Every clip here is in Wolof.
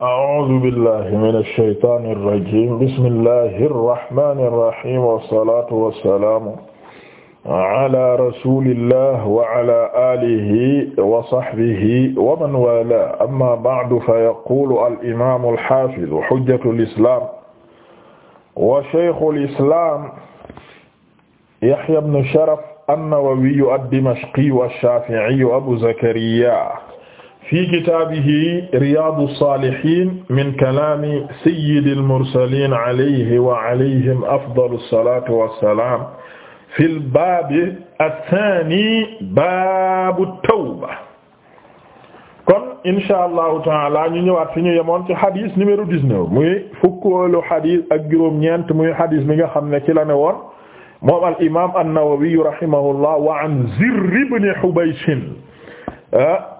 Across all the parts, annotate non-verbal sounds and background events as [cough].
a'uuzu billahi mina shaytaani rajiim bismillahi rahmaani rahiim wasalaatu wasalaamu ala rasulillah wa ala aalihi wa sahbihi wa man waalaahu amma ba'du fayaquulu al-imaamu al-haafizu hujjatul islaam wa shaykhul islaam Yahyaa ibnu Sharaf an-Nawawiyyu ad-Dimashqiyu ash-Shaafi'iyyu Abu Zakariyaa fi kitaabihi riyaadu saalihiin min kalaami sayyidil mursaliin alayhi wa alayhim afdalu salaatu wa salaam fil baabi asaani baabu tawba. kon incha allahu taala ñu ñëwaat fi ñu yemoon ci xadis numéro 19 muy fukkeelu xadis ak juróom-ñeent muy xadis bi nga xam ne ci la ne woon moom al imaam an-Nawawi rahimahullah wa an Zirr ibn Hubaysh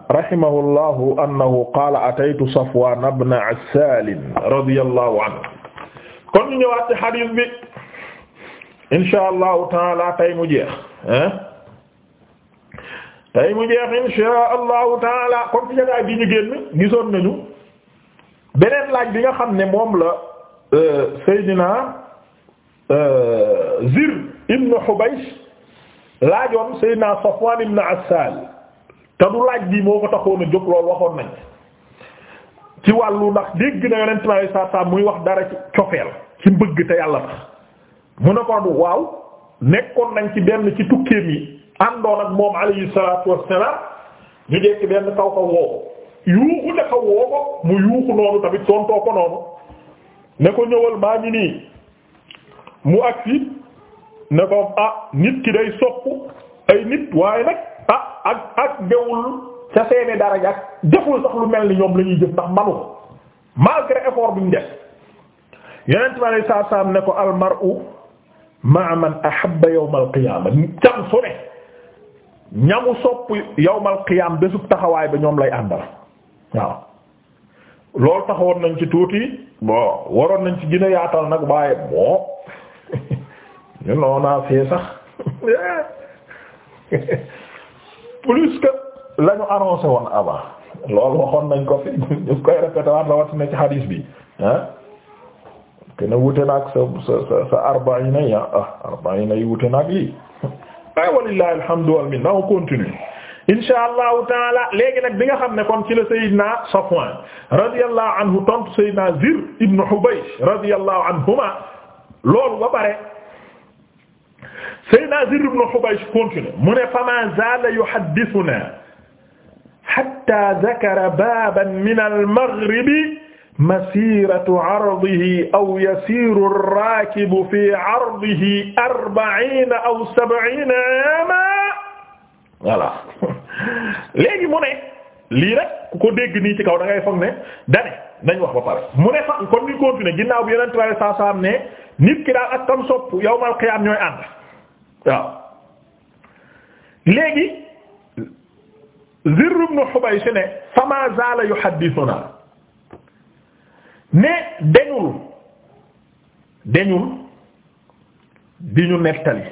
rahimahullahu annahu qaala ataytu Safwaan ibn Assaal radiyallahu anhu kon ñu ñëwaat ci xadiis bi insha allahu taala tay mu jeex ah tay mu jeex insha allahu taala kon ci jataay bi ñu génn gisoon nañu beneen laaj bi nga xam ne moom la euh, Seydina euh, Zir ibn Hubaysh laajoon Seydina Safwaan ibn Assaal te du laaj bi moo ko taxoon a jóg loolu waxoon nañ ci wàllu ndax dégg na yonent bi saa saa muy wax dara ci cofeel ci mbëgg te yàlla tax mu ne ko waaw nekkoon nañ ci benn ci tukkeem yi àndoon ak moom alayhi salaatu wassalaam ñu jekki benn taw ko woo yuuxu ne ko woo ko mu yuuxu noonu tamit tontoo ko noonu ne ko ñëwal maa nii mu agsi ne ko ah nit ki day sopp ay nit waaye nag ak ak dewul ca seeni daraja ak deful sax lu mel ni ñoom lañuy ñuy jëf ndax manu ko malgré effort bi ñu def yonent bi alayhi ne ko al mar'u ma'a man ahabba yawm al qiyaama cam su ne ñamu sopp yawm al qiyaam bésub taxawaay ba ñoom lay àndal waaw loolu taxawoon nañ ci tuuti bon waroon nañ ci gën a yaatal nag waaye bon ñu noonaa fee sax [laughs] plus que la ñu annoncé woon avant loolu waxoon nañ ko fi ñu koy répété waat rawatina ci hadis bi ah kene wute naag sa sa sa sa arbaina yi ah, ah arbaina yi wute naag lii [laughs] ay walillahi alhamdu minna on continue insha allahu taala léegi nag bi nga xam ne kon ci la Seydina Safwan radiyallahu anhu tontu Seydina Zir ibn Hubaysh radiyallahu anhuma loolu ba pare Seydina Zirr ibn Hubaysh continue mu ne fama zala yuhaddithuna hatta dhakara baban min al-maghribi masiratu ardihi aw yasiru ar-rakibu fi ardihi arba'ina aw sab'ina aama voilà [laughs] léegi mu ne lii rek ku ko dégg nii ci kaw da ngay foog ne dane nañ wax ba pare mu ne fa kon ni continuer ginnaaw bi yonent bi sallallahu alayhi wasallam ne nit ki daal ak tam sopp yawmal qiyaam ñooy ànd waaw léegi Zirr ibn Hubaysh ne fama zaala yuhaddithuna ne dañul dañul di ñu nettali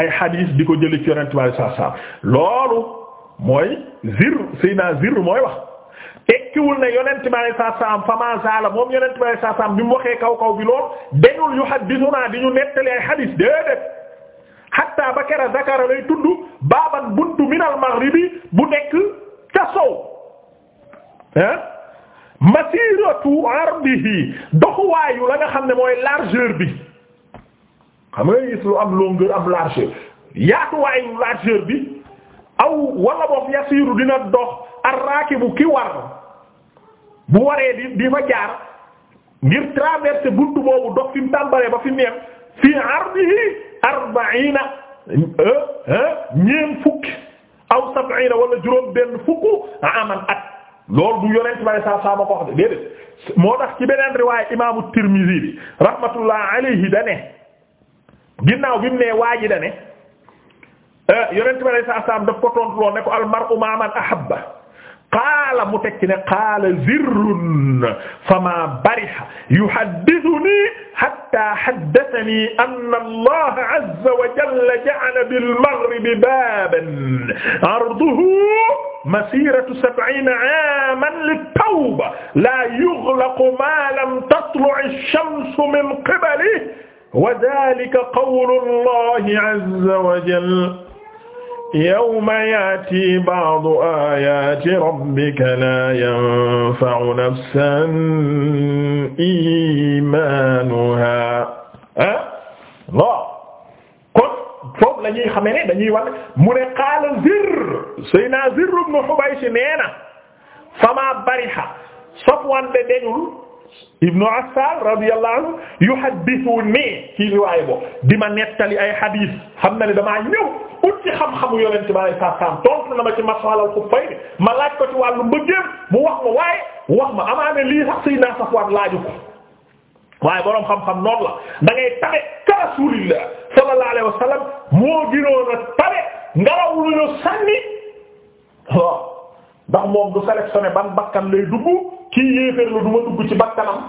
ay xadiis di ko jële ci yonent bi sallallahu alayhi wasallam loolu mooy Zirr Seydina Zirr mooy wax tekkiwul ne yonent bi sallallahu alayhi wasallam fama zaala moom yonent bi sallallahu alayhi wasallam mu waxee kaw kaw bi lool dañul yuhaddithuna di ñu nettali ay xadiis déedéet hatta ba kera dakara lay tudd baaban buntu minal maghribi bu nekk ca sow ah masiratu ardihi doxuwaayu la nga xam ne mooy largeur bi xam nga gis lu am longueur am largeur yaatuwaayu largeur bi aw wala boog yasiru dina dox arrakibu ki war bu waree di di fa jaar ngir traverser buntu boobu dox fi mu ba fi mu yem fii arbaina euh, euh, ñeent fukki aw sab'ina wala juróom benn fukku aman at loolu du yonent bale saa saa ma ko de déedéet moo tax ci beneen riwaaya imaamu Tirmizi bi rahmatullah alayhi dane ginnaaw bi mu ne dane euh, yonent bale saa saa daf ko tontu lool ko al mar'u ma man qaala mu tekk ne qaala zirrun fama bariha yuhaddithuni hatta haddathani anna allaha azza wa jalla ja'ala bil maghribi baaban arduhu masiratu sab'iina aaman lit-tawba laa yughlaqu maa lam tatlu' ash-shamsu min qiblihi wa dhaalika qawlu allahi azza wa jalla yawma ya'ti ba'du ayati rabbika la yanfa'u nafsan imanuha ah non kon foofu la ñuy xamee ne dañuy wax mu ne qaala Zirr sayna Zirr ibn Hubaysh nee na fama bariha Safwan de deñul Ibnu Asal radiyallahu anhu yuhaddithuni ci riwaay bo di ma nettali ay hadith xam na ne damaa ñëw ut ci xam-xamu yonent bi alayhi salaam tontu na ma ci mas'alal xuffay ma laaj ko ci wàllu mbëggeel mu wax ma waaye wax ma amaane lii sax Sayyidina Safwan laaju ko waaye boroom xam-xam noonu la da ngay tabe ka Rasulillah sallallahu alayhi wa sallam moo gënoon a tabe ngelaw lu ñu sànni waaw oh, ndax moom du sélectionné ban bakkan lay dugg. kii yéeféer la du ma dugg ci bakkanam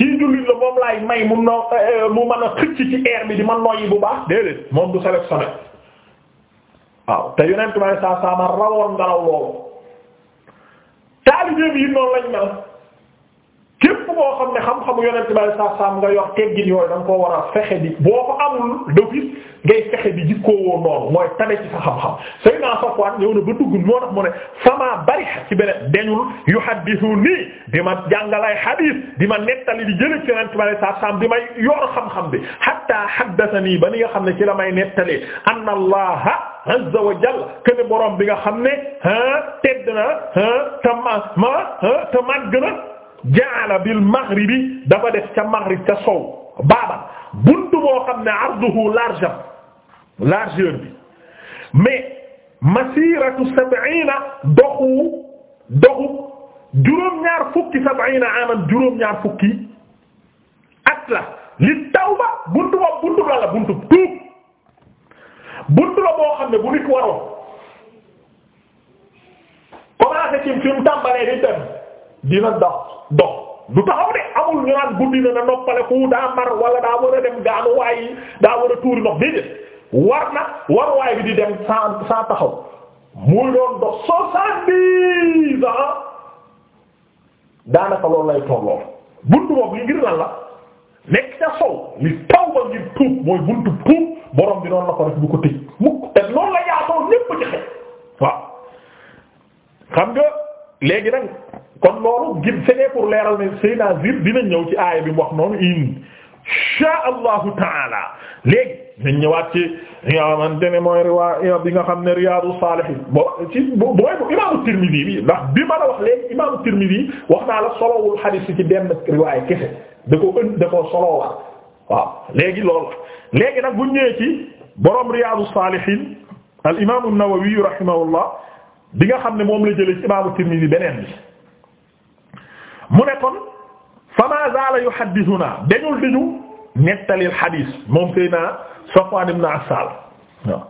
kii jullit la moom laay may mu no eh, eh, mu mën a xëcc ci air di man noyyi bu baax déedéet moom du sélectionné waaw te yonent may saa saama rawoon ngelaw loolu taalibe bi noonu lañ mel képp boo xam ne xam-xamu yonent bi sallallahu alayhi wa sallam nga yor teggin yooyu da nga koo war a fexe di boo ko amul d'office ngay fexe di jikkoo woon noonu mooy tane ci sa xam-xam Seydina Safwan ñëw na ba dugg moo tax mu ne sama bari ci beneen dañul yuhaddithuni di ma jàngalay di ma nettali di jële bi sallallahu alayhi wa sallam di may yor xam ba ni xam ne ci la may nettalee anna Allah azza wa jalla ken borom bi nga xam ne ah tedd na ah te jaala bil maghribi dafa def ca maghrib ca sow baaban buntu boo xam ne arduhu large largeur bi mais masiratu sab'ina doxu doxu juróom-ñaar fukki sab'ina aman juróom-ñaar fukki at la li tawba buntu ba buntu la la buntu tuub buntu la boo xam ne bu nit waroon commencé ci fi mu tàmbalee di dem dina dox dox du taxaw de amul ñu naan guddi na na noppale ku daa mar wala daa war a dem gaanu waayi daa war a tuuri ndox déedéet war na war waay bi di dem saa saa taxaw muy doon dox soixante-dix ans daanaka loolu lay tolloo buntu boobu li ngir lan la nekk ca sow li taw ba ngir tuub mooy buntu tuub borom bi noonu la ko def du ko tëj mukk te noonu la yaatoo ñépp ci xëy waaw xam nga léegi nag kon loolu ngir c'est pour leeral ne Seydina Zir dina ñëw ci aaya bi mu wax noonu insha allahu taala léegi nañ ñëwaat ci li nga mooy riwaaya bi nga xam ne Riyadou Salihine bo ci booy bu imaamu Tirmidhi bi bi ma la wax léegi imaamu Tirmidhi wax naa la solowul xadiis yi ci benn riwaaya kese da ko ën ko solowaat waaw léegi loolu la nag bu ñëwee ci borom Riyadou Salihine al imaamu Nawawi rahimahullah bi nga xam ne moom la jëlee ci imaamu Tirmidhi beneen bi mu ne kon fa ma zaala yuhaddithuna dañul di ñu nettalil xadiis moom sëy naa Safwan ibn Assal waaw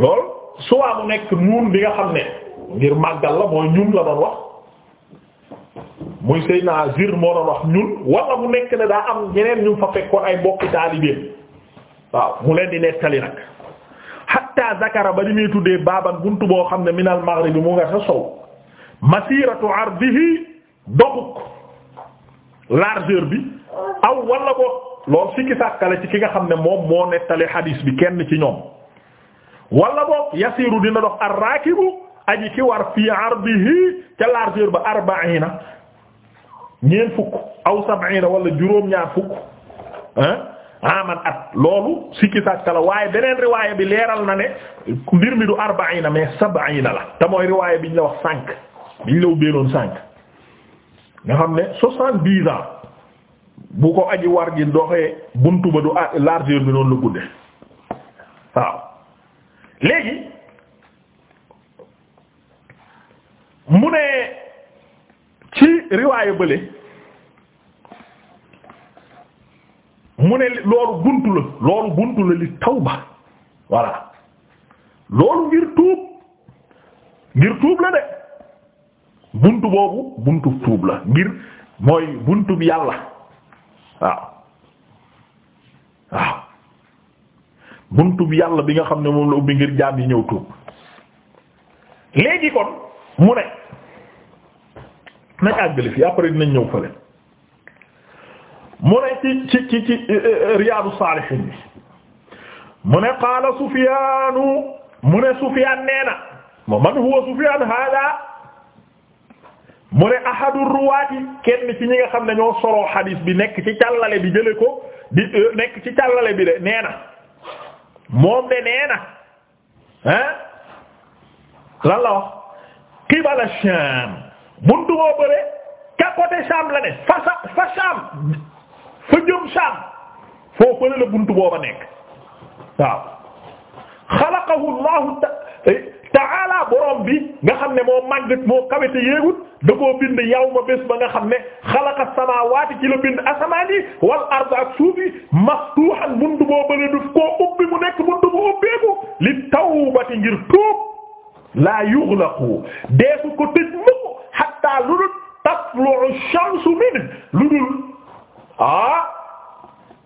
lool su waa mu nekk nuun bi nga xam ne ngir màggal la mooy ñun la doon wax muy sëy naa Zir moo doon wax ñun wala mu nekk ne daa am ñeneen ñu fa fekkoon ay mbokki taalibeem mu leen di nettali nag hatta zakara ba ni muy tuddee baaban bunt boo xam ne minal maghribi mu nga sa sow masiratu ardihi doguk largeur bi aw wala ko lool sikki sàkkale ci ki nga xam ne moom moo nettali hadis bi kenn ci ñoom wala boog yasiru dina dox arrakibu aji ki war fii ardihi ca largeur ba arba'ina ñeent fukk aw sab'ina wala juróom ñaar fukk aman at loolu sikki sàkka la waaye beneen riwaaya bi leeral na ne mbir mi du arbaina mais sabaina la te mooy riwaaya biñ la wax cinq biñ la ubbeeloon cinq nga xam ne soixante-dix ans bu ko aji war gi doxee buntu ba du largeur bi noonu la gudde waaw léegi mu ne ci riwaaya bële mu ne loolu bunt la loolu buntu la li ba voilà loolu ngir tuub ngir tuub la de buntu boobu buntu tuub la ngir mooy buntu yàlla waaw waaw buntu bi yàlla bi nga xam ne moom la ubbi ngir jaam yi ñëw tuub léegi kon mu ne nañ àggale fii après dinañ ñëw fële mu ne ci ci ci ci euh, euh, Riyadu Saalihiin bi mu ne qaala Sufyaanu mu ne Sufyaan nee na mo man huwa Sufyaan haadaa mu ne ahadu ruwaati kenn ci ñi nga xam ne ñoo soroo xadiis bi nekk ci càllale bi jële ko di euh, nekk ci càllale bi de nee na moom de nee na ah lan la wax qibala Shaam buntu boo bëre ka côté Shaam la ne fa fa fa jëm saam foofu la buntu booba nekk waaw xalaqahu Allahu ta'ala eh, borom bi nga xam ne moo màgg moo kawete yéegul da koo bind yaw ma bés ba nga xam ne xalaqa samaawaati ci la bind asamaan wal arda ak suuf yi boo bële du koo ubbi mu nekk buntu bu ubbeeku li tawbati ngir tuub laa yughlaqu deesu ko tëj mukk hatta lu dul tatlu'u shamsu min lu dul ah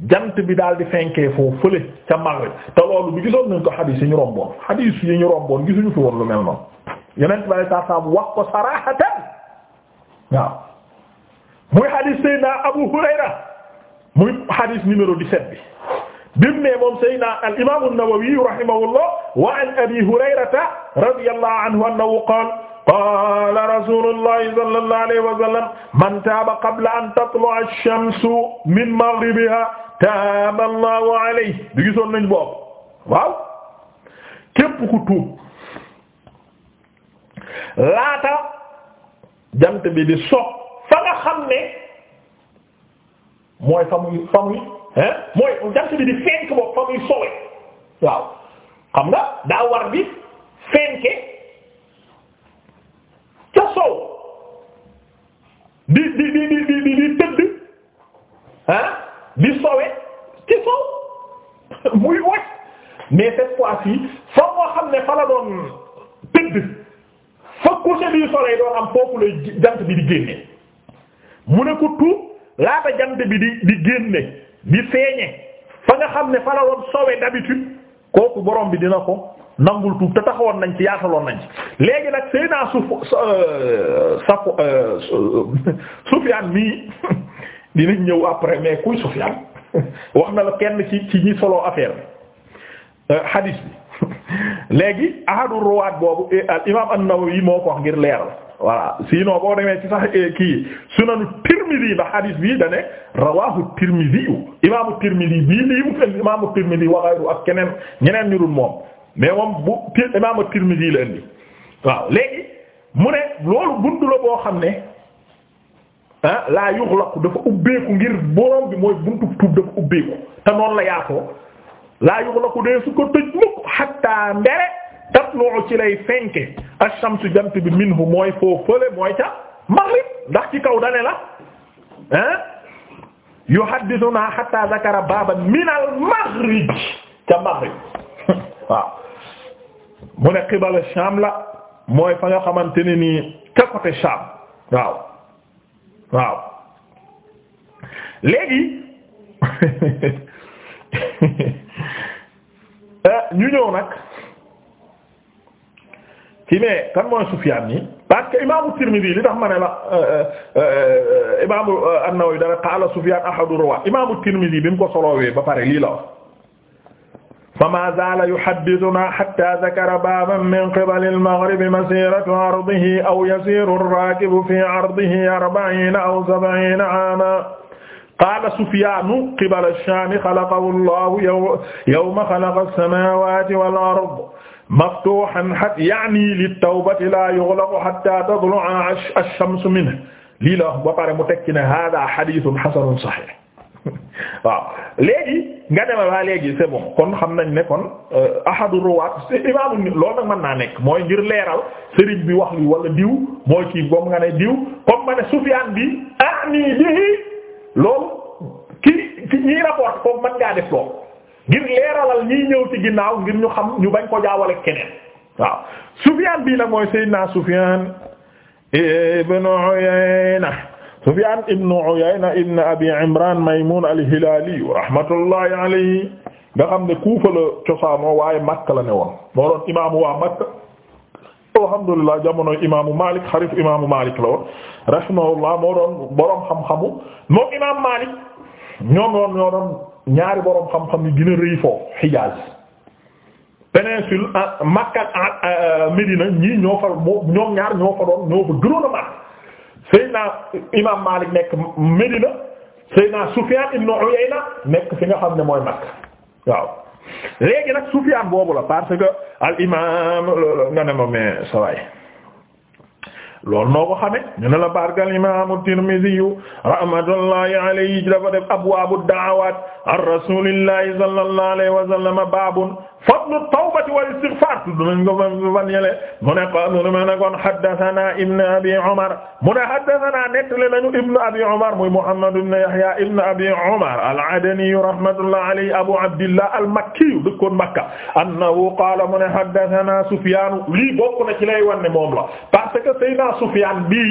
jant bi daal di fenk foofu fële ca Maghrib te loolu bi gisoon nañ ko xadiis yi ñu romboon xadiis yi ñu romboon gisuñu fi woon lu mel noonu yeneen tubaab yi saa wax ko sarahatan muy xadiis Seydina Abu Hurayra muy xadiis numéro 17 bi. bim ne moom Seydina al imaamu Nawawi rahimahullah wa an Abi Hurayrata radiyallahu anhu annahu qaala rasuulullahi sallallahu alayhi wa sallam man taaba qabla an tatlu'a ash-shamsu min maghribiha taaba Allahu alayhi du gisoon nañ boobu waaw képp ku tuub laata jant bi di so fa nga xam ne mooy fa muy fa muy hein mooy jant bi di fenk boobu fa muy sowe waaw xam nga daa war bi fenke di di di di di di tëdd ah di sowe ci sow [laughs] muy wacc mais cette fois-ci fa moo xam ne fa la doon tëdd fa coucher du soleil doon am foofu lay jant bi di génne mu ne ko tuub laata jant bi di di génne di feeñe fa nga xam ne fa la doon sowe d'habitude kooku borom bi dina ko nangul tuub te taxawoon nañ ci yaataloon nañ ci léegi nag sëy naa suf euh, saf euh, [laughs] Sufyaan mii [laughs] dinañ ñëw après mais kuy Sufyaan [laughs] wax na la kenn ci ci ñi solo affaire bi euh, hadis bi léegi ahadu ruwaat boobu eh, al imaam an moo ko ngir leeral voilà sinon boo demee ci sax eh, kii sunanu Tirmidhi ba hadis bi da ne rawahu Tirmidhi imaamu Tirmidhi bii lii mu fen imaamu Tirmidhi wa ghayru ak keneen ñeneen ñu moom mais moom bu pir imaam at-Tirmidhi la indi waaw léegi mu ne loolu buntu la boo xam ne ah laa yuxlaqu dafa ubbeeku ngir borom bi mooy buntu tuub dafa ubbeeku te noon la yaatoo laa yuxlaqu dee su ko tëj mukk hatta mbere tatlu'u ci lay fenke ash-shamsu jant bi minhu mooy foo fële mooy ca maghrib ndax ci kaw dane la ah yuhaddithuna hatta zakara baban min al maghrib ca maghrib [laughs] waaw mu ne qibala Sham la mooy fa nga xamante ne nii ca côté Sham waaw waaw léegi [laughs] eh, ñu ñëw nag ci ne kan mooy Sufyaan nii parce que imaamu Tirmidhi li tax ma ne la eh, eh, imaamu An-Nawawi dara qaala Sufyaan ahadu ruwaa imaamu Tirmidhi bi mu ko solowee ba pare lii la wax فما زال يحدثنا حتى ذكر بابا من قبل المغرب مسيرة عرضه أو يسير الراكب في عرضه أربعين أو سبعين عاما قال سفيان قبل الشام خلقه الله يوم خلق السماوات والأرض مفتوحا حتى يعني للتوبة لا يغلق حتى تطلع الشمس منه lii la wax ba pare mu tekki ne hada hadithun hasanun sahih [laughs] waaw léegi nga demal waa léegi c'est kon xam nañ ne kon euh, ahadu ruwaat imaamu loolu nag mën naa nekk mooy ngir leeral sëriñ bi wax li walla diw mooy kii comme nga ne diw comme ma ne Sufyaan bi ah nii bii loolu kii ñii rapport foofu mën ngaa def loolu ngir leeralal ñii ñëw ci ginnaaw ngir ñu xam ñu bañ ko jaawale keneen waaw Sufyaan bii nag mooy Seydina Sufyaan ibn Uyayna Sufyaan ibn Uyayna ibn Abi Imraan Maymuun al-Hilaali rahmatullahi alayhi nga xam ne Kuufa la cosaanoo waaye Makka la waa Makka alhamdulillah jamono imaamu Maalik xaritu imaamu Maalik la woon rahimahullah moo doon boroom xam-xamu moom imaam Maalik ñaari boroom xam yi gën a Hijaaz péninsule ah, Makka ah, ah, Médina ñii ñoo fa ñoom Seydina Imaam Maalik nekk Medina Seydina Sufyaan ibn Uyayna nekk fi nga xam ne mooy Makka waaw léegi nag Sufyaan boobu la parce que al imaam nga ne ma mais sa waay loolu noo ko xame ñu ne la bargal imaamu Tirmidhi rahmatullahi alayhi dafa def abwaabu da'awaat ar rasulillahi sallallahu alayhi wa sallam baabun fadlu tawbati wal istighfar dinañ ko fan yele mu ne qaala mu ne kon haddathana ibn abi umar mu ne haddathana nettali nañu ibn abi umar muy muhammad ibn yahya ibn abi umar al-adani rahmatullah alayhi abu abdillah al-makki dëkkoon makka annahu qaala mu ne haddathana sufyan lii bokk na ci lay wanne moom la parce que sayna sufyan bi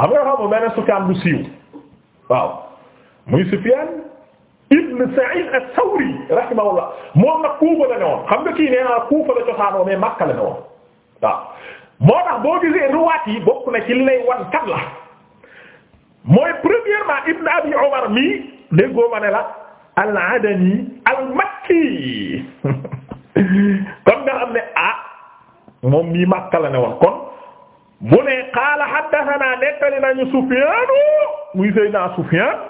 xam nga xam benn sufyan bu siiw waaw muy sufyan ibn Sa'id as-Sawri rahimahullah moom nag Kuufa la ne woon xam nga kii nee naa Kuufa la cosaanoo mais Makka la ne woon moo tax boo gisee ruwaat yi bokk na ci lay wan la mooy premièrement Ibn Abi Umar mii déggoo ma ne la al-Adani al-Makki [laughs] kon nga xam ne ah moom mii Makka ne woon kon bu ne qaala haddathana nettali nañu Sufyaan muy Seydina Sufyaan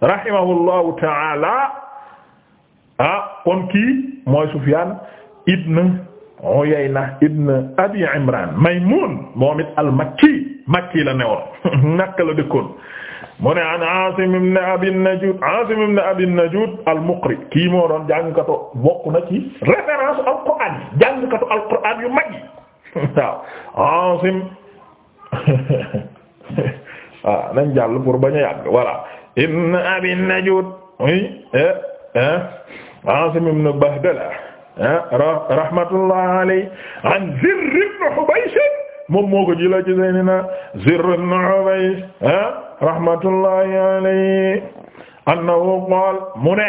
rahimahullahu taala ah kon kii mooy Sufyaan ibn Uyayna ibn Abi Imran Maymun moom it al-Makki Makki la newoon naka [laughs] la dëkkoon mu ne an Aasim ibn Abi Najuud Aasim ibn Abi Najuud al-Muqri kii moo doon jàngkatu bokk na ci référence al-Qur'aan yi jàngkatu al-Qur'aan yu mag yi [laughs] waaw Aasim [laughs] waaw nañ jàll pour bañ a yàgg voilà ibn abi najud eh, eh. asim ibn bahdala eh, rahmatullah alayhi an zirr ibn hubaysh moom moo ko jëlee ci sayyidina zirr ibn hubaysh rahmatullah alayhi annahu qaala mu ne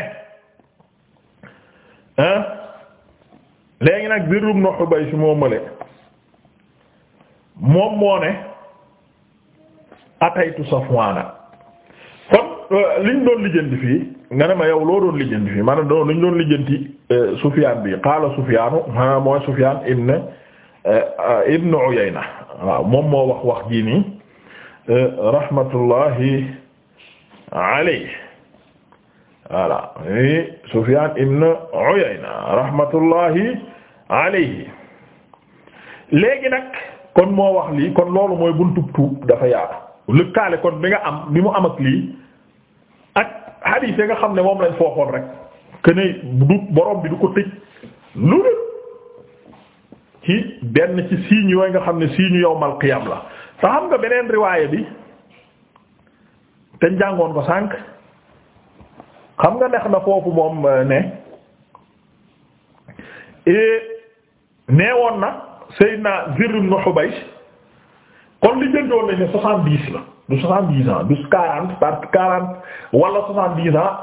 léegi nag zirr ibn hubaysh moomale moom moo ne ataytu safwana Euh, liñ doon lijjanti fii nga ne ma yow loo doon lijjanti fi maanaam doon liñ doon lijjanti euh, Sufyaan bi qaala Sufyaanu ah mooy Sufyaan ibn euh, ibn moom moo wax wax ji nii rahmatullahi alayhi voilà ni Sufyaan ibn Uyayna rahmatullahi alayhi léegi nag kon moo wax lii kon loolu mooy buntub tuub dafa li lëkkaale kon bi mu am ak hadith yi nga xam ne moom lañ fooxoon rek que ne du borom bi du ko tëj lu dul ci benn ci signe yooyu nga xam ne signe yawmal qiyam la te xam nga beneen riwaaya bi te jàngoon ko sànq xam nga neex na foofu moom euh, ne neewoon na Seydina Zirr ibn Hubaysh kon li jëndoon nañ ne soixante dix la du soixante dix ans du quarante par quarante wala soixante dix ans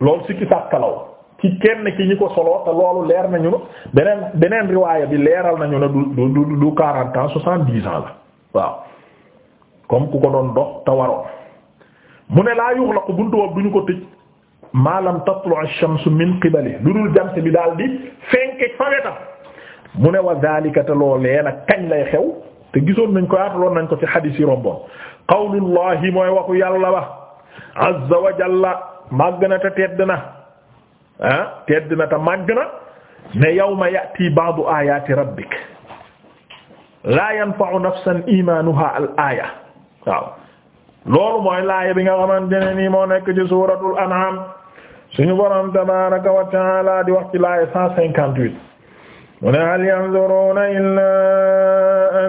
loolu sikki sàkkalaw ci kenn ki ñi ko solo te loolu leer nañu na beneen beneen riwaaya bi leeral nañu ne du du du quarante ans soixante dix ans la waaw comme ku ko doon dox te waroon mu ne laa yuxlaqu buntu boobu du ko tëj maalam tatlu ash-shamsu min qibali lu dul jant bi daal di fenk fa wetam mu ne wa zaalika kañ lay xew. te gisoon nañ ko yaataloon nañ ko ci xadiis yi romboon qawlullahi mooy waxu yàlla ba azza wa jalla màgg na te tedd na ah tedd na te màgg na ne yawma ya'ti ba'du ayati rabbik la yanfa'u nafsan imanuha al aya waaw loolu mooy laaya bi nga xamante ne nii moo nekk ci suuratul an'am suñu borom tabaaraka wa ta'aala di wax ci laaya 158 mu ne hal yanzuruna illa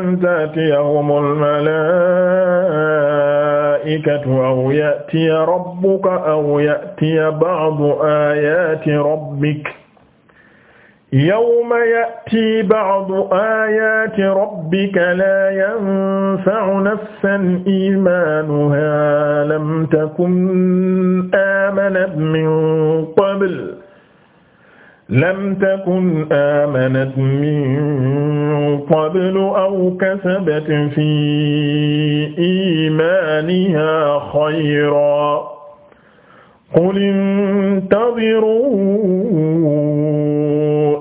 an taatiyahumul malaa'ikatu aw ya'tiya rabbuka aw ya'tiya ba'du aayaati rabbika yawma ya'ti ba'du aayaati rabbika laa yanfa'u nafsan iimaanuhaa lam takun aamanat min qabl lam takun amanat min qablu aw kasabat fi imaniha xayra qul intadiru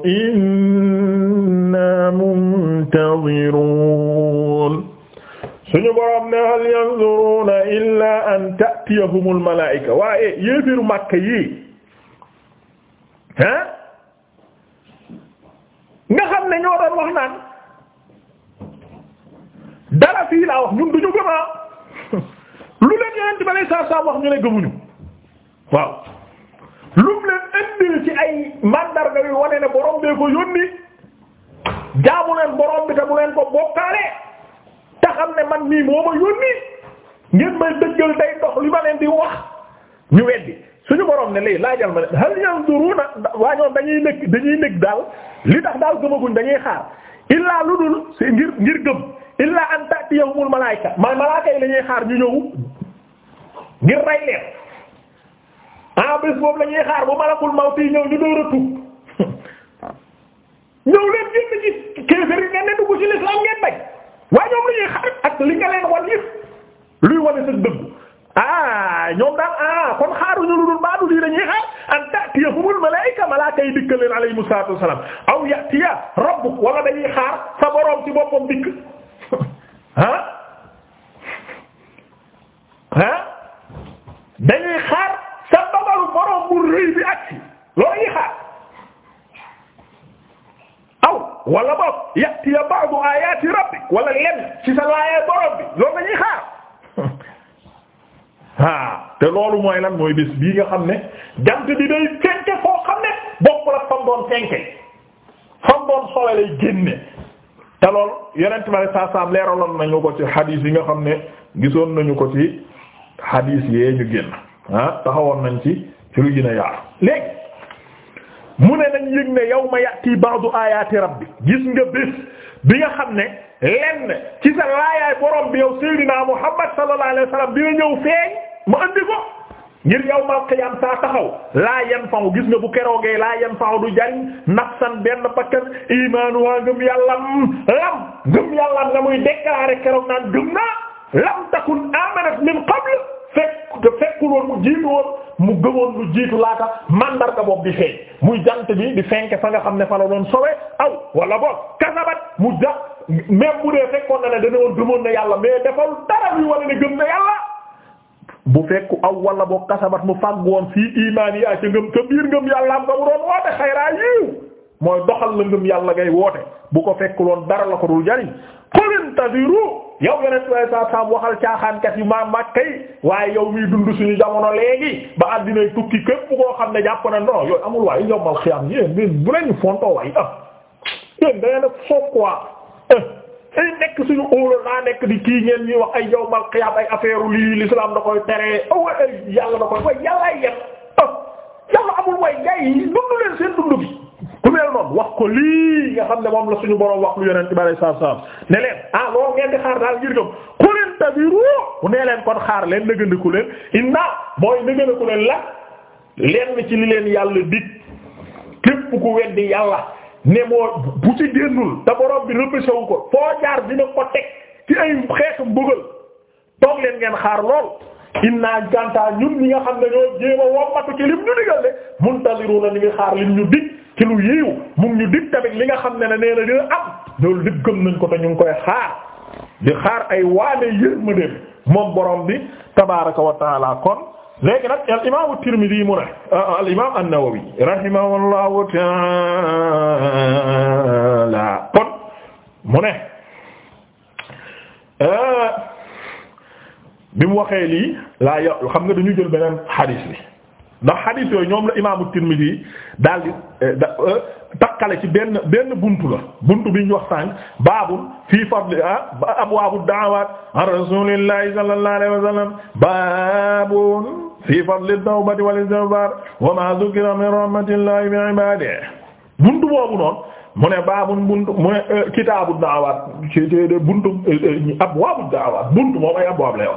inna muntadirun suñu boroom ne hal yanzuruna illa an ta'tiyahumul malaa'ika waaye yéefiru Makka yi ha nga xam ne ñoo doon wax naan dara fii laa wax ñun duñu gëm ah. [laughs] lu leen yonent ba lay saa saa wax ñu ne gëmuñu waaw lum leen indil ci ay mandarga yu wane ne borom bee ko yónni jaamu leen borom bi te bu leen ko bokkaale te xam ne man mii moo ma yónni ngeen may dëggal day dox li ma leen di wax ñu weddi suñu borom ne léegi laajal ma ne hal yanzuruna waa ñoom dañuy nekk dañuy nekk daal li tax daal gëmaguñ dañuy xaar illaa lu dul ngir ngir gëm illaa an ta'tiyahumul malaayika ma malaaka yi la xaar ñu ñëw ngir rey leen ah bés boobu la xaar bu malakul mawti ñëw ñu door a [laughs] ñëw leen génn ci ngeen ne dugg ci lislaam ngeen bañ waaye ñoom la xaar ak li nga leen wan yëpp luy wane sa dëgg. ah ñoom daal ah kon xaaruñu lu dul baadu lii dañuy xaar an ta'tiyahumul malaa'ika malaaka yi dikk leen alayhimu salaatu wassalaam aw ya'tiya rabbuk wala dañuy xaar sa boroom ci boppam dikk ah [laughs] ah dañuy xaar sa dogalu boroom bu rëy bi agsi loolu ñuy xaar aw wala boog ya'tiya ba'du aayaati rabbik wala lenn ci sa laayee boroom bi loolu dañuy xaar. te loolu mooy lan mooy bés bii nga xam ne jant bi day fenke foo xam ne bokkul ak fam doon fenke fam doon sowe te loolu yeneen ma ne ci hadith yi nga xam ne gisoon nañu ko ci hadith yee ñu génn taxawoon nañ ci ci lu gën a léegi mu ne nañ yëg ne yawma yati ba'du ayati rabbi gis nga bés bi nga xam ne lenn ci sa laayaay borom bi yow Seydina Muhammad sallallahu alayhi wasallam dina ñëw feeñ mu andi ko ngir yawmal qiyam saa taxaw laa yan faw gis nga bu keroogee laa yan faw du jariñ nafsan benn bakkan imaanu waa ngëm muy déclarer keroog naan gëm naa lam takun amanat min qabl fekk fekkul woon mu jiitu woon mu gëmoon lu jiitu laata mandarga boobu di feeñ muy jant bi di fenk fa nga xam ne fa la doon sowe aw wala boog kasabat mu ja même bu dee fekkoon na ne dana woon gëmoon na yàlla mais defal dara luy wala ne gëm na yàlla bu fekk aw wala boo kasabat mu woon fii imaan yi ca ngëm ca biir ngëm yàlla am nga mu doon woote xayraa yiw mooy doxal la ngëm yàlla ngay woote bu ko fekk fekkuloon dara la ko dul jariñ kulintasiru yow yonent way sa sam waxal caaxaankat yi maa màkka yi waaye yow miy dund suñu jamono léegi ba addinay tukki képp koo xam ne jàpp na non yooyu amul waaye yombal xiyam yéen bu leen fontoo waay ah yéen da ngeen a quoi eh. ay eh, nekk suñu óolal naa nekk di kii ngeen ñuy wax ay yawmal qiyaam ay affaire u lii l'islam da koy teree oh, eh, awa eh, ay yàlla da koy way yàllaay yem ah yàlla amul way gars yi dundu leen seen dundu bi ku mel noonu wax ko lii nga xam ne moom la suñu borom wax lu yonent bi alayhi salaatu salaam ne leen ah ngeen di xaar daal ngir gëm ku leen tabiru bu nee leen kon xaar leen nëgandiku leen inna mooy nëgandiku leen la leen ci li leen yàlla dig képp ku weddi yàlla ne moo bu ci génnul te borom bi repêché wu ko foo jaar dina ko teg ci ay xeetu mbugal toog leen ngeen xaar lool naa gàntaa ñun ñi nga xam ne ñoo jéem a wommatu ci lim ñu digal de muntaziruna ñu ngi xaar lim ñu dig ci lu yiiw mu ñu dig tamit li nga xam ne ne nee na dina am loolu lépp gëm nañ ko te ñu ngi koy xaar di xaar ay waane yërmande moom borom bi tabaaraka wa kon. léegi nag al imaamu Tirmidi mu ne al imaam an-Nawawi rahimahullahu ta'ala kon mu ne euh, bi mu waxee lii laa ya xam nga dañu jël beneen xadiis bi ndax xadiis yooyu ñoom la imaamu Tirmidi daal di euh, euh, takkale ci benn benn buntu la buntu bi ñu wax sànq baabul fii fadli ah, abwaabu da'awaat ar-rasuulillahi sallallahu alayhi wa sallam baabun fii fadli tawbati wal istighfar wa ma dhukira min rahmatillahi bi ibadihi buntu boobu mu ne baabun buntu mu ne euh, kitaabu daawaat buntu euh, euh, abwaabu daawaat abwaab la yow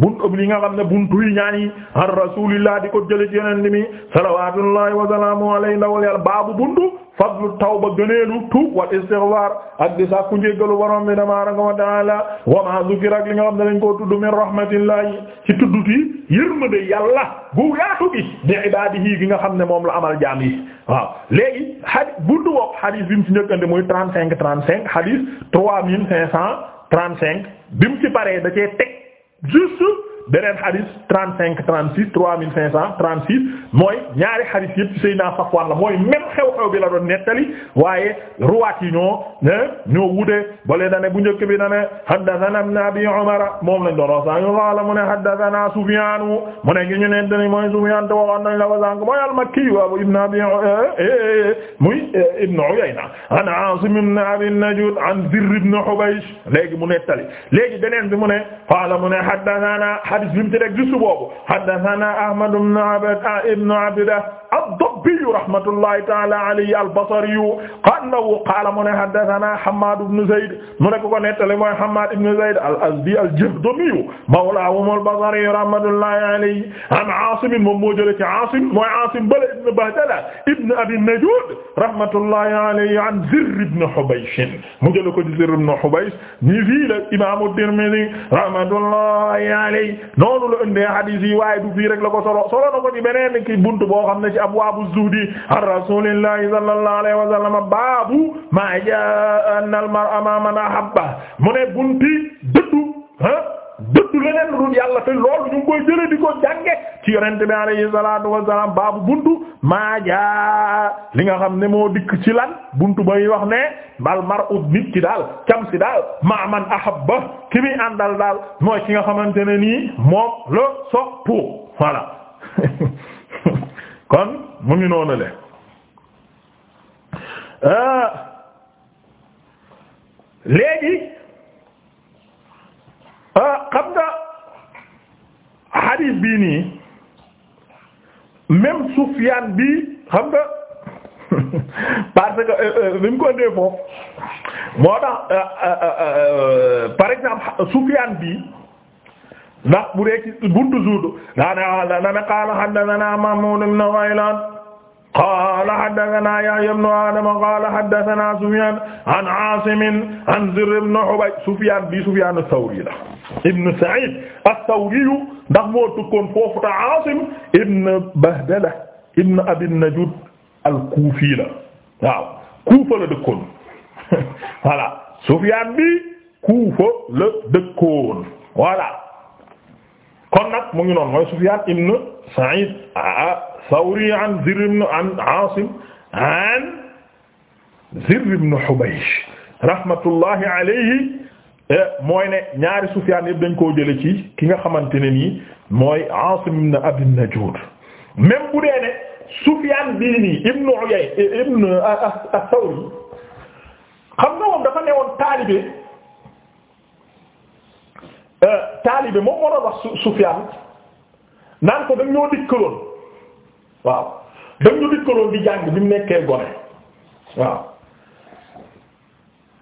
buntu li nga xam ne buntu yi ñaan yi ar di ko jëlee ci mi salawatullahi wa salaamuhu alayhi ndawal buntu. taw ba fadlu tawba gëneelu tuub wal istighfar ak di sàkku njéggalu borom bi tabaaraka wa ta'aala wa maa zukira ak li nga xam ne dañ koo tudd min rahmatillahi ci tuddu ti yërmande yàlla gu yaatu gi di ibaadihi gi nga xam ne moom la amal jaam yi waaw léegi xadi buntu wopp xadis bi mu ci njëkkante muy trente cinq trente cinq xadis trois mille cinq cent trente cinq bi mu ci paree da cee teg juste beneen xadis 35 36 3536 mooy ñaari xadis yëpp Seydina Safwan la mooy même xew-xew bi la doon nettali waaye ruwaat yi ñoo ñoo wute bale na ne bu njëkk bi na ne haddathana ibn abi Umar moom lañ doon wax wala mu ne haddathana Sufyan mu ne gi ñu ne dañ mooy Sufyan te waxoon nañ la ko sànq mooy al-Makki wa ibn abi eh, eh, eh, muy ibn Uyayna an Asim ibn abi Najud an ibn Hubaysh léegi mu nettali léegi beneen bi mu ne qala mu xadis bi mu ci rek gisu boobu haddathana Ahmad ibn Abd ah, ibn Abda Shawbiyu rahmatullahi ta'ala alayhi al-Basriyu annahu qaala mu ne haddathana Hammad ibn Zayd mu ne ko ko nettali mooy Hammad ibn Zayd al-Azdi al-Jahdamiyu mawlaahum al-Basriyu rahmatullahi alayhi an Aasim moom moo jëlee ci Aasim mooy Aasim bala ibn Bahdala ibn Abi Najuud rahmatullahi alayhi an Zirr ibn Hubaysh mu jëlee ko ci Zirr ibn Hubaysh ni fii la Imaamu Tirmidhi rahmatullahi alayhi noonu la ëndee hadiis yi waaye du fii rek la ko solo solo na ko ci beneen ki buntu boo xam ne ci abwaabu az-Zuhdi an rasulillahi sallallahu alayhi wa jaa anna al-mar'a man ahabba mu ne bunti dëddu ah dëddu leneen lu dul yàlla te loolu ñu koy jëlee di ko jànge ci yonent bi alayhi salaatu wa baabu buntu maa jaa li nga xam ne moo dikk ci lan buntu bay wax ne bal mar'u nit ki daal cam si daal ma man ahabba ki muy àndal daal mooy ki nga xamante ne nii moom la soppu voilà [laughs] kon mu ngi noonu le ah. léegi ah, xam nga hadith bii nii même Sufyaan bi xam nga [laughs] parce bi euh, euh, mu ko indee foofu moo tax euh, par exemple Sufyaan bi ndax bu dee ci buntu zuudu daana dana qaala haddathana Mahmud ibn Ghaylan qaala haddathana Yahya ibn Adam qaala haddathana Sufyan an Asim an Zirr ibn Hubayb Sufyan bi Sufyan ath-Thawri la ibn Sa'id ath-Thawri ndax moo tukkoon foofu ta Asim ibn Bahdala ibn Abi an-Najud al-Kufi la waaw Kufa [laughs] la dëkkoon voilà Sufyan bi Kufa la dëkkoon voilà kon nag mu ngi noonu mooy Sufyaan ibn Sa'iid Thawri an Zirr ibn an Aasim an eh, mooy ne ñaari Sufyaan yëpp dañ koo jële ci ki nga xamante ne nii mooy Aasim ibn Abi Najuud même bu dee ne Sufyaan ibn Uyayna eh, ibn Ath-Thawri ah, xam nga moom dafa newoon taalibe taalibe moom moo doon wax su Sufyaan naan ko dañ ñoo dikkaloon waaw dañ ñu dikkaloon di jàng bi mu nekkee gone waaw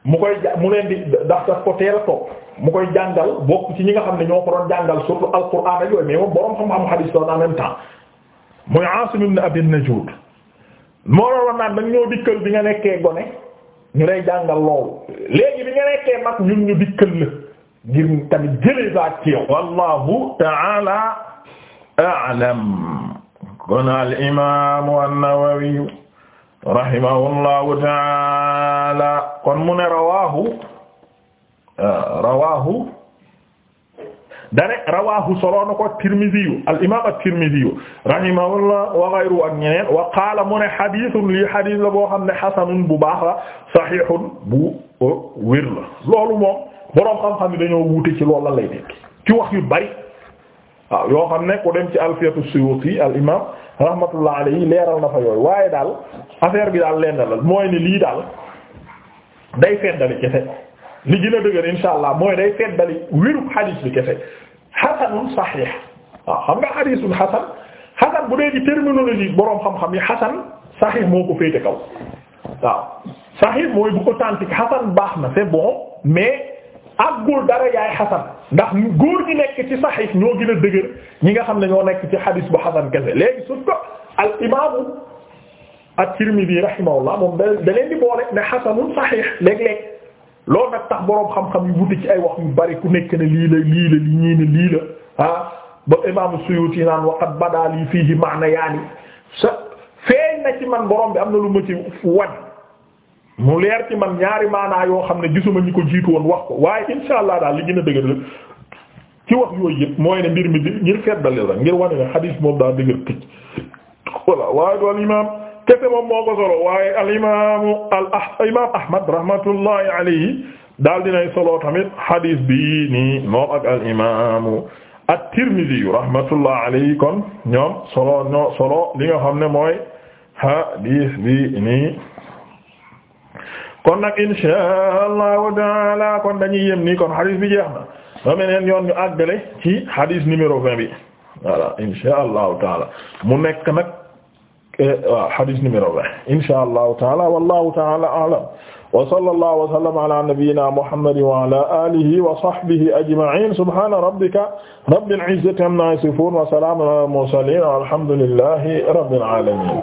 mu koy ja mu leen di daf daf ko teel mu koy jàngal bokk ci ñi nga xam ne ñoo ko doon jàngal surtout alquran ak yooyu mais moom borom xam-xam hadith doon en même temps muy Asim ibn Abi Najud moo doon naan dañ ñoo dikkal bi nga nekkee gone ñu lay jàngal loolu léegi bi nga nekkee mag ñun ñu dikkal la. ngir tamit jëlee ba ak ceeb. wallahu ta'ala a'lam. kon al imaam an-Nawawi rahimahullahu ta'ala kon mu ne rawaahu rawaahu dane rawaahu solo na ko Tirmiziyu al imaam at-Tirmiziyu rahimahullah wa ghayru ak ñeneen wa qaala mu ne xadiisun lii xadiis la boo xam ne xasanun bu baax la saxiixun bu wér la loolu moom. boroom xam-xam yi dañoo wuute ci loolu la lay nekk ci wax yu bari waaw yoo xam ne ku dem ci alfiyatu suyuti al imam rahmatullah alayhi leeral na fa yooyu waaye daal affaire bi daal lenn la mooy ni lii daal day feddali kese li gën a dëgër insha allah mooy day feddali wérub xadiis bi kese xasanun saxiix waaw xam nga xadiisun xasan xasan bu dee ci terminologie boroom xam-xam yi xasan saxiix moo ko féete kaw waaw saxiix mooy bu authentique xasan baax na c'est àggul dara yaay xasan ndax góor ñi nekk ci saxiix ñoo gën a dëgër ñi nga xam ne ñoo nekk ci xadis bu xasan kese léegi surtout al imaamu at-Tirmidhi rahimahullah moom da leen boole ne xasanun saxiix léeg-léeg loolu nag tax boroom xam-xam yu wuti ci ay wax yu bari ku nekk ne lii la lii la li ñii ne lii la ah ba imaamu Suyuti naan waqad badaa lii fiihi ma'nayaani sa feeñ na ci man borom bi am na lu ma ci wan mu leer ci man ñaari maanaa yoo xam ne gisuma ñu ko jiitu woon wax ko waaye insha allah daal li gën a dëgër la ci wax yooyu yëpp mooy ne mbir mi di ngir feddali la ngir wane ne xadiis moom daa dëgër këcc voilà waaye du al imaam kese moom moo ko solo waaye al imaamu al ah, imaam Ahmad rahmatullahi bi nii moom ak al imaamu rahmatullahi alayhi kon solo ñoo li nga xam ne mooy xadiis bi nii. kon nag inshaa allahu taala kon dañuy yem nii kon xadis bi jeex na ba meneen yoon ñu àggale ci xadis numéro vingt bi voilà inshaa allahu taala mu nekk nag eh, waaw xadis numéro vingt inshaa allahu taala wallahu taala a'lam wa sallallahu wa sallama ala nabiyyina muhammadin wa ala alihi wa sahbihi ajma'in subhana rabbika rabbil izzati amma yasifun wa salamun ala al mursalin walhamdulillahi rabbil alamin